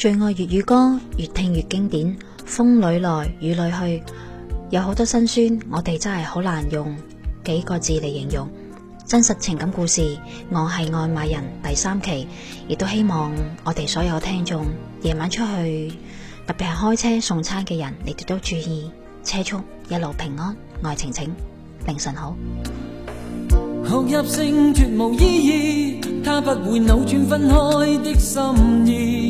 最愛粵語歌，越聽越經典。風裏來，雨裏去，有好多辛酸，我哋真係好難用幾個字嚟形容。真實情感故事，我係外賣人第三期，亦都希望我哋所有聽眾夜晚出去，特別係開車送餐嘅人，你哋都注意車速，一路平安。愛晴晴，凌晨好。哭泣聲絕無意義，他不會扭轉分開的心意。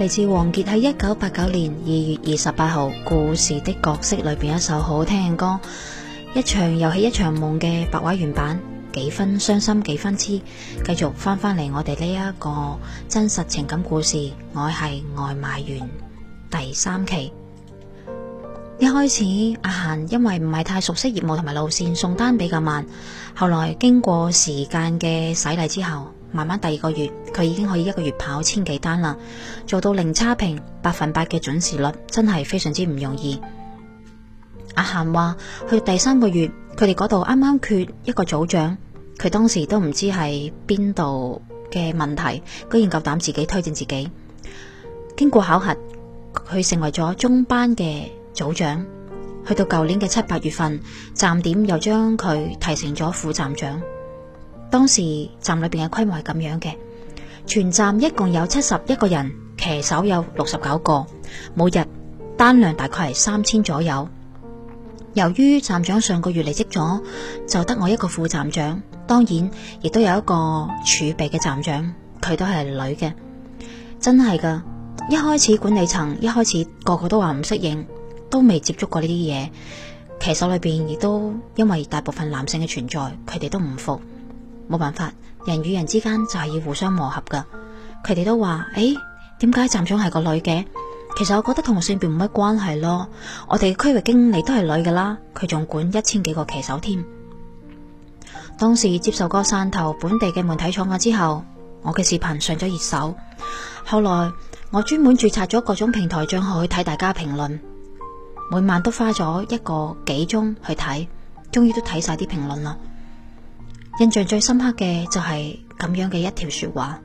嚟自王傑喺一九八九年二月二十八號故事的角色裏邊一首好聽嘅歌《一場遊戲一場夢》嘅白話原版幾分傷心幾分痴。繼續翻返嚟我哋呢一個真實情感故事，我係外賣員第三期。一開始阿嫻因為唔係太熟悉業務同埋路線，送單比較慢。後來經過時間嘅洗禮之後。慢慢第二個月，佢已經可以一個月跑千幾單啦，做到零差評，百分百嘅準時率，真係非常之唔容易。阿嫻話，去第三個月，佢哋嗰度啱啱缺一個組長，佢當時都唔知係邊度嘅問題，居然夠膽自己推薦自己，經過考核，佢成為咗中班嘅組長。去到舊年嘅七八月份，站點又將佢提成咗副站長。當時站裏邊嘅規模係咁樣嘅，全站一共有七十一個人，騎手有六十九個，每日單量大概係三千左右。由於站長上個月離職咗，就得我一個副站長，當然亦都有一個儲備嘅站長，佢都係女嘅。真係㗎，一開始管理層一開始個個都話唔適應，都未接觸過呢啲嘢。騎手裏邊亦都因為大部分男性嘅存在，佢哋都唔服。冇辦法，人與人之間就係要互相磨合噶佢哋都話，誒、欸，點解站長係個女嘅？其實我覺得同性別冇乜關係咯。我哋嘅區域經理都係女嘅啦，佢仲管一千幾個騎手添。當時接受過汕頭本地嘅媒體採訪之後，我嘅視頻上咗熱搜。後來我專門注冊咗各種平台賬號去睇大家評論，每晚都花咗一個幾鐘去睇，終於都睇晒啲評論啦。印象最深刻嘅就係咁樣嘅一條說話，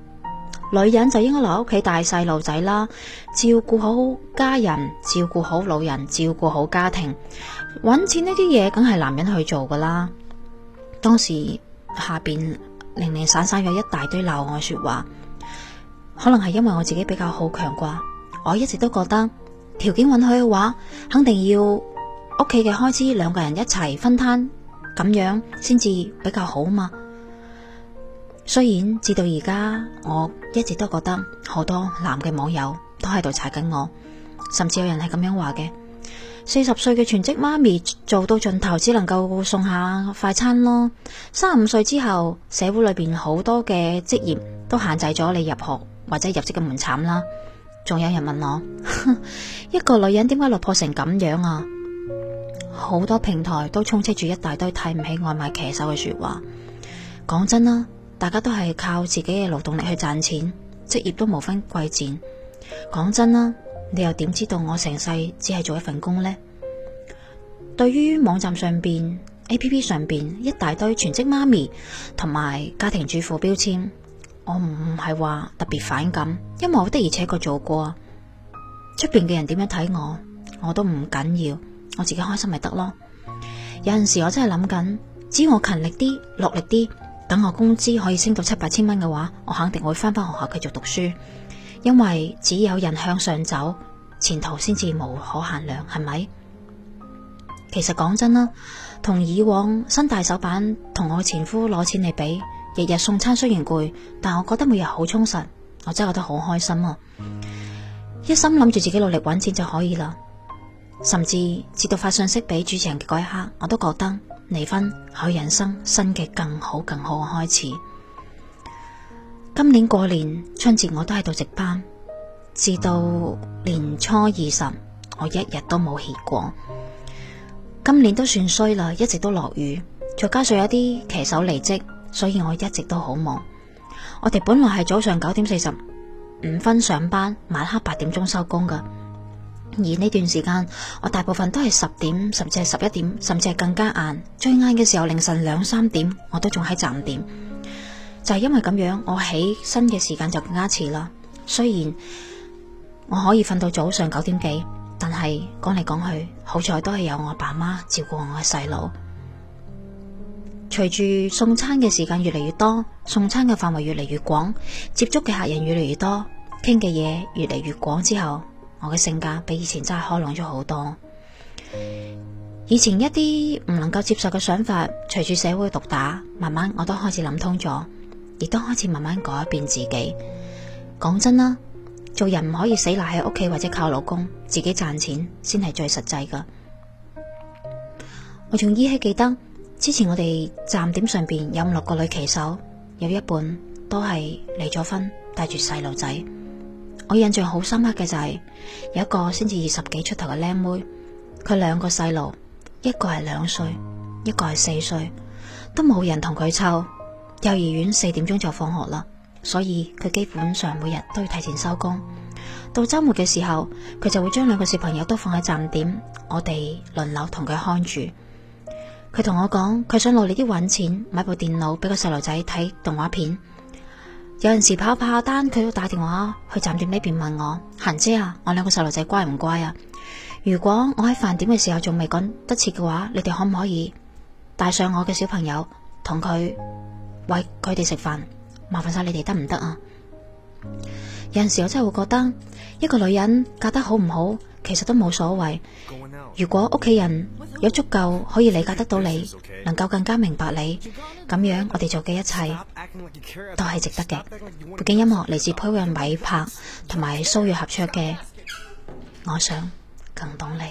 女人就應該留喺屋企帶細路仔啦，照顧好家人，照顧好老人，照顧好家庭，揾錢呢啲嘢梗係男人去做㗎啦。當時下邊零零散散有一大堆鬧我說話，可能係因為我自己比較好強啩。我一直都覺得條件允許嘅話，肯定要屋企嘅開支兩個人一齊分攤。咁樣先至比較好嘛。雖然至到而家，我一直都覺得好多男嘅網友都喺度踩緊我，甚至有人係咁樣話嘅：四十歲嘅全職媽咪做到盡頭，只能夠送下快餐咯。三十五歲之後，社會裏邊好多嘅職業都限制咗你入學或者入職嘅門檻啦。仲有人問我：一個女人點解落魄成咁樣啊？好多平台都充斥住一大堆睇唔起外賣騎手嘅說話。講真啦，大家都係靠自己嘅勞動力去賺錢，職業都無分貴賤。講真啦，你又點知道我成世只係做一份工呢？對於網站上邊、APP 上邊一大堆全職媽咪同埋家庭主婦標籤，我唔係話特別反感，因為我的而且確做過。出邊嘅人點樣睇我，我都唔緊要。我自己開心咪得咯，有陣時我真係諗緊，只要我勤力啲、落力啲，等我工資可以升到七八千蚊嘅話，我肯定我會翻返學校繼續讀書，因為只有人向上走，前途先至無可限量，係咪？其實講真啦，同以往新大手板同我前夫攞錢嚟比，日日送餐雖然攰，但我覺得每日好充實，我真係覺得好開心啊！一心諗住自己努力揾錢就可以啦。甚至直到發信息俾主持人嘅嗰一刻，我都覺得離婚係人生新嘅更好更好嘅開始。今年過年春節我都喺度值班，至到年初二十我一日都冇歇過。今年都算衰啦，一直都落雨，再加上有啲騎手離職，所以我一直都好忙。我哋本來係早上九點四十五分上班，晚黑八點鐘收工㗎。而呢段時間，我大部分都係十點，甚至係十一點，甚至係更加晏。最晏嘅時候，凌晨兩三點，我都仲喺站點。就係因為咁樣，我起身嘅時間就更加遲啦。雖然我可以瞓到早上九點幾，但係講嚟講去，好在都係有我爸媽照顧我嘅細路。隨住送餐嘅時間越嚟越多，送餐嘅範圍越嚟越廣，接觸嘅客人越嚟越多，傾嘅嘢越嚟越廣之後。我嘅性格比以前真係開朗咗好多。以前一啲唔能夠接受嘅想法，隨住社會毒打，慢慢我都開始諗通咗，亦都開始慢慢改變自己。講真啦，做人唔可以死賴喺屋企或者靠老公，自己賺錢先係最實際㗎。我仲依稀記得之前我哋站點上邊有五六個女騎手，有一半都係離咗婚，帶住細路仔。我印象好深刻嘅就係有一個先至二十幾出頭嘅靚妹，佢兩個細路，一個係兩歲，一個係四歲，都冇人同佢湊。幼兒園四點鐘就放學啦，所以佢基本上每日都要提前收工。到周末嘅時候，佢就會將兩個小朋友都放喺站點，我哋輪流同佢看住。佢同我講，佢想努力啲揾錢，買部電腦俾個細路仔睇動畫片。有陣時跑跑下單，佢都打電話去站點呢邊問我，嫻姐啊，我兩個細路仔乖唔乖啊？如果我喺飯點嘅時候仲未趕得切嘅話，你哋可唔可以帶上我嘅小朋友，同佢餵佢哋食飯？麻煩晒你哋得唔得啊？有陣時我真係會覺得一個女人嫁得好唔好，其實都冇所謂。嗯如果屋企人有足夠可以理解得到你，能夠更加明白你，咁樣我哋做嘅一切都係值得嘅。背景音樂嚟自潘瑋柏同埋蘇芮合唱嘅《我想更懂你》。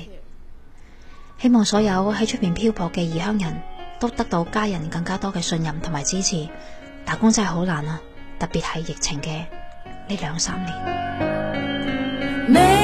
希望所有喺出邊漂泊嘅異鄉人都得到家人更加多嘅信任同埋支持。打工真係好難啊，特別係疫情嘅呢兩三年。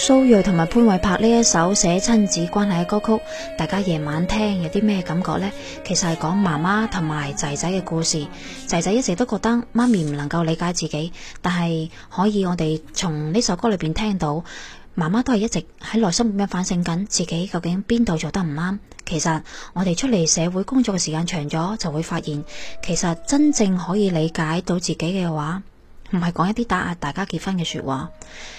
蘇芮同埋潘瑋柏呢一首寫親子關係嘅歌曲，大家夜晚聽有啲咩感覺呢？其實係講媽媽同埋仔仔嘅故事。仔仔一直都覺得媽咪唔能夠理解自己，但係可以我哋從呢首歌裏邊聽到，媽媽都係一直喺內心咁樣反省緊自己究竟邊度做得唔啱。其實我哋出嚟社會工作嘅時間長咗，就會發現，其實真正可以理解到自己嘅話，唔係講一啲打壓大家結婚嘅說話，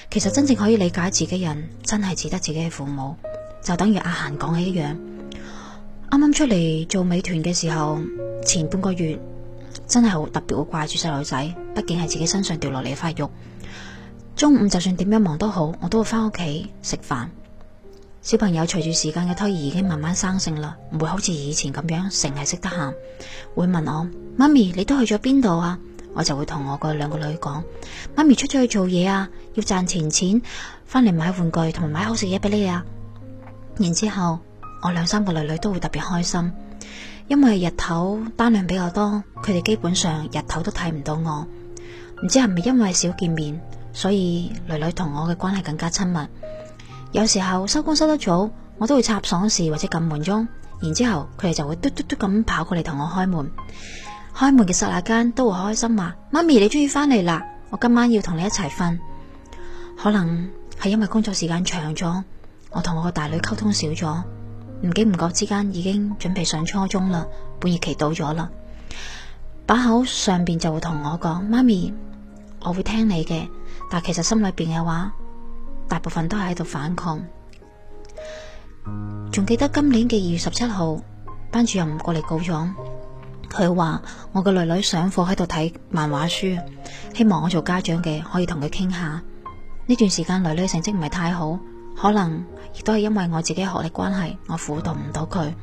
其實真正可以理解自己人，真係只得自己嘅父母。就等於阿嫻講嘅一樣，啱啱出嚟做美團嘅時候，前半個月真係好特別會掛住細路仔，畢竟係自己身上掉落嚟嘅塊肉。中午就算點樣忙都好，我都會翻屋企食飯。小朋友隨住時間嘅推移，已經慢慢生性啦，唔會好似以前咁樣，成日識得喊，會問我，媽咪你都去咗邊度啊？我就會同我個兩個女講：媽咪出咗去做嘢啊，要賺錢錢，返嚟買玩具同埋買好食嘢俾你啊！然之後我兩三個女女都會特別開心，因為日頭單量比較多，佢哋基本上日頭都睇唔到我。唔知係咪因為少見面，所以女女同我嘅關係更加親密。有時候收工收得早，我都會插鎖匙或者撳門鐘，然之後佢哋就會嘟嘟嘟咁跑過嚟同我開門。開門嘅剎那間都會好開心話：媽咪，你終於返嚟啦！我今晚要同你一齊瞓。可能係因為工作時間長咗，我同我個大女溝通少咗。唔經唔覺之間已經準備上初中啦，半學期到咗啦。把口上邊就會同我講：媽咪，我會聽你嘅，但其實心裏邊嘅話，大部分都係喺度反抗。仲記得今年嘅二月十七號，班主任過嚟告狀。佢話我個女女上課喺度睇漫畫書，希望我做家長嘅可以同佢傾下。呢段時間女女成績唔係太好，可能亦都係因為我自己學歷關係，我輔導唔到佢，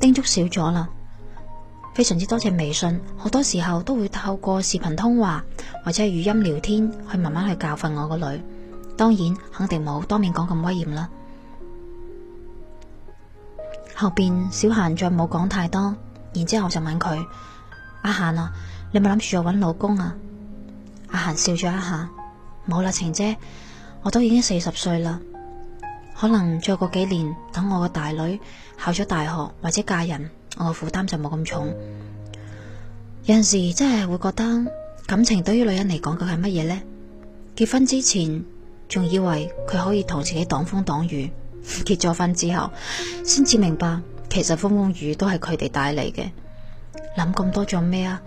叮囑少咗啦。非常之多謝微信，好多時候都會透過視頻通話或者係語音聊天，去慢慢去教訓我個女。當然肯定冇當面講咁威嚴啦。後邊小閒再冇講太多。然之後我就問佢：阿嫻啊，你冇諗住我搵老公啊？阿嫻笑咗一下，冇啦，晴姐，我都已經四十歲啦，可能再過幾年，等我個大女考咗大學或者嫁人，我個負擔就冇咁重。有陣時真係會覺得感情對於女人嚟講，佢係乜嘢呢？結婚之前仲以為佢可以同自己擋風擋雨，結咗婚之後，先至明白。其實風風雨都係佢哋帶嚟嘅，諗咁多做咩啊？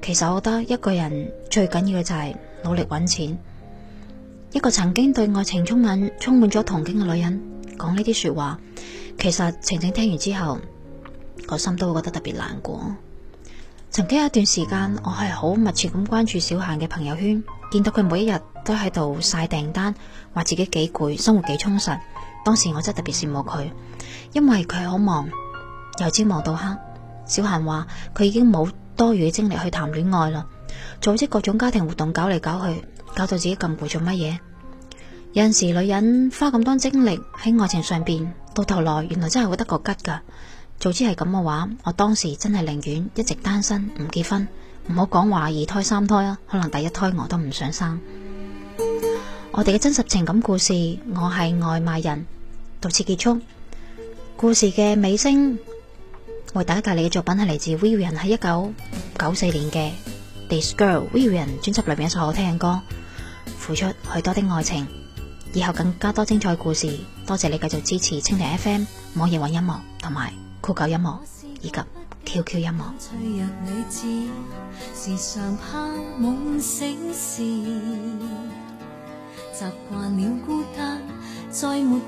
其實我覺得一個人最緊要嘅就係努力揾錢。一個曾經對愛情充滿充滿咗同情嘅女人講呢啲說話，其實晴晴聽完之後個心都會覺得特別難過。曾經有一段時間，我係好密切咁關注小嫻嘅朋友圈，見到佢每一日都喺度晒訂單，話自己幾攰，生活幾充實。當時我真係特別羨慕佢，因為佢好忙。由朝忙到黑，小嫻話佢已經冇多餘嘅精力去談戀愛啦。組織各種家庭活動，搞嚟搞去，搞到自己咁攰，做乜嘢？有陣時，女人花咁多精力喺愛情上邊，到頭來原來真係會得個吉噶。早知係咁嘅話，我當時真係寧願一直單身，唔結婚，唔好講話二胎、三胎啊，可能第一胎我都唔想生。我哋嘅真實情感故事，我係外賣人，到此結束。故事嘅尾聲。為大家介紹嘅作品係嚟自 Vivian 喺一九九四年嘅《This Girl》，Vivian 專輯裏面一首好聽嘅歌。付出許多的愛情，以後更加多精彩故事。多謝你繼續支持蜻蜓 FM、網易雲音樂同埋酷狗音樂以及 QQ 音樂。音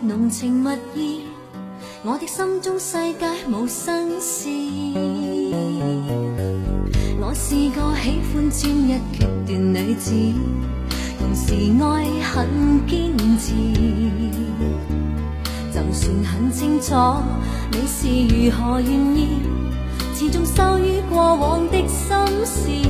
樂我的心中世界無新事，我是個喜歡專一決斷女子，同時愛很堅持。就算很清楚你是如何願意，始終收於過往的心事。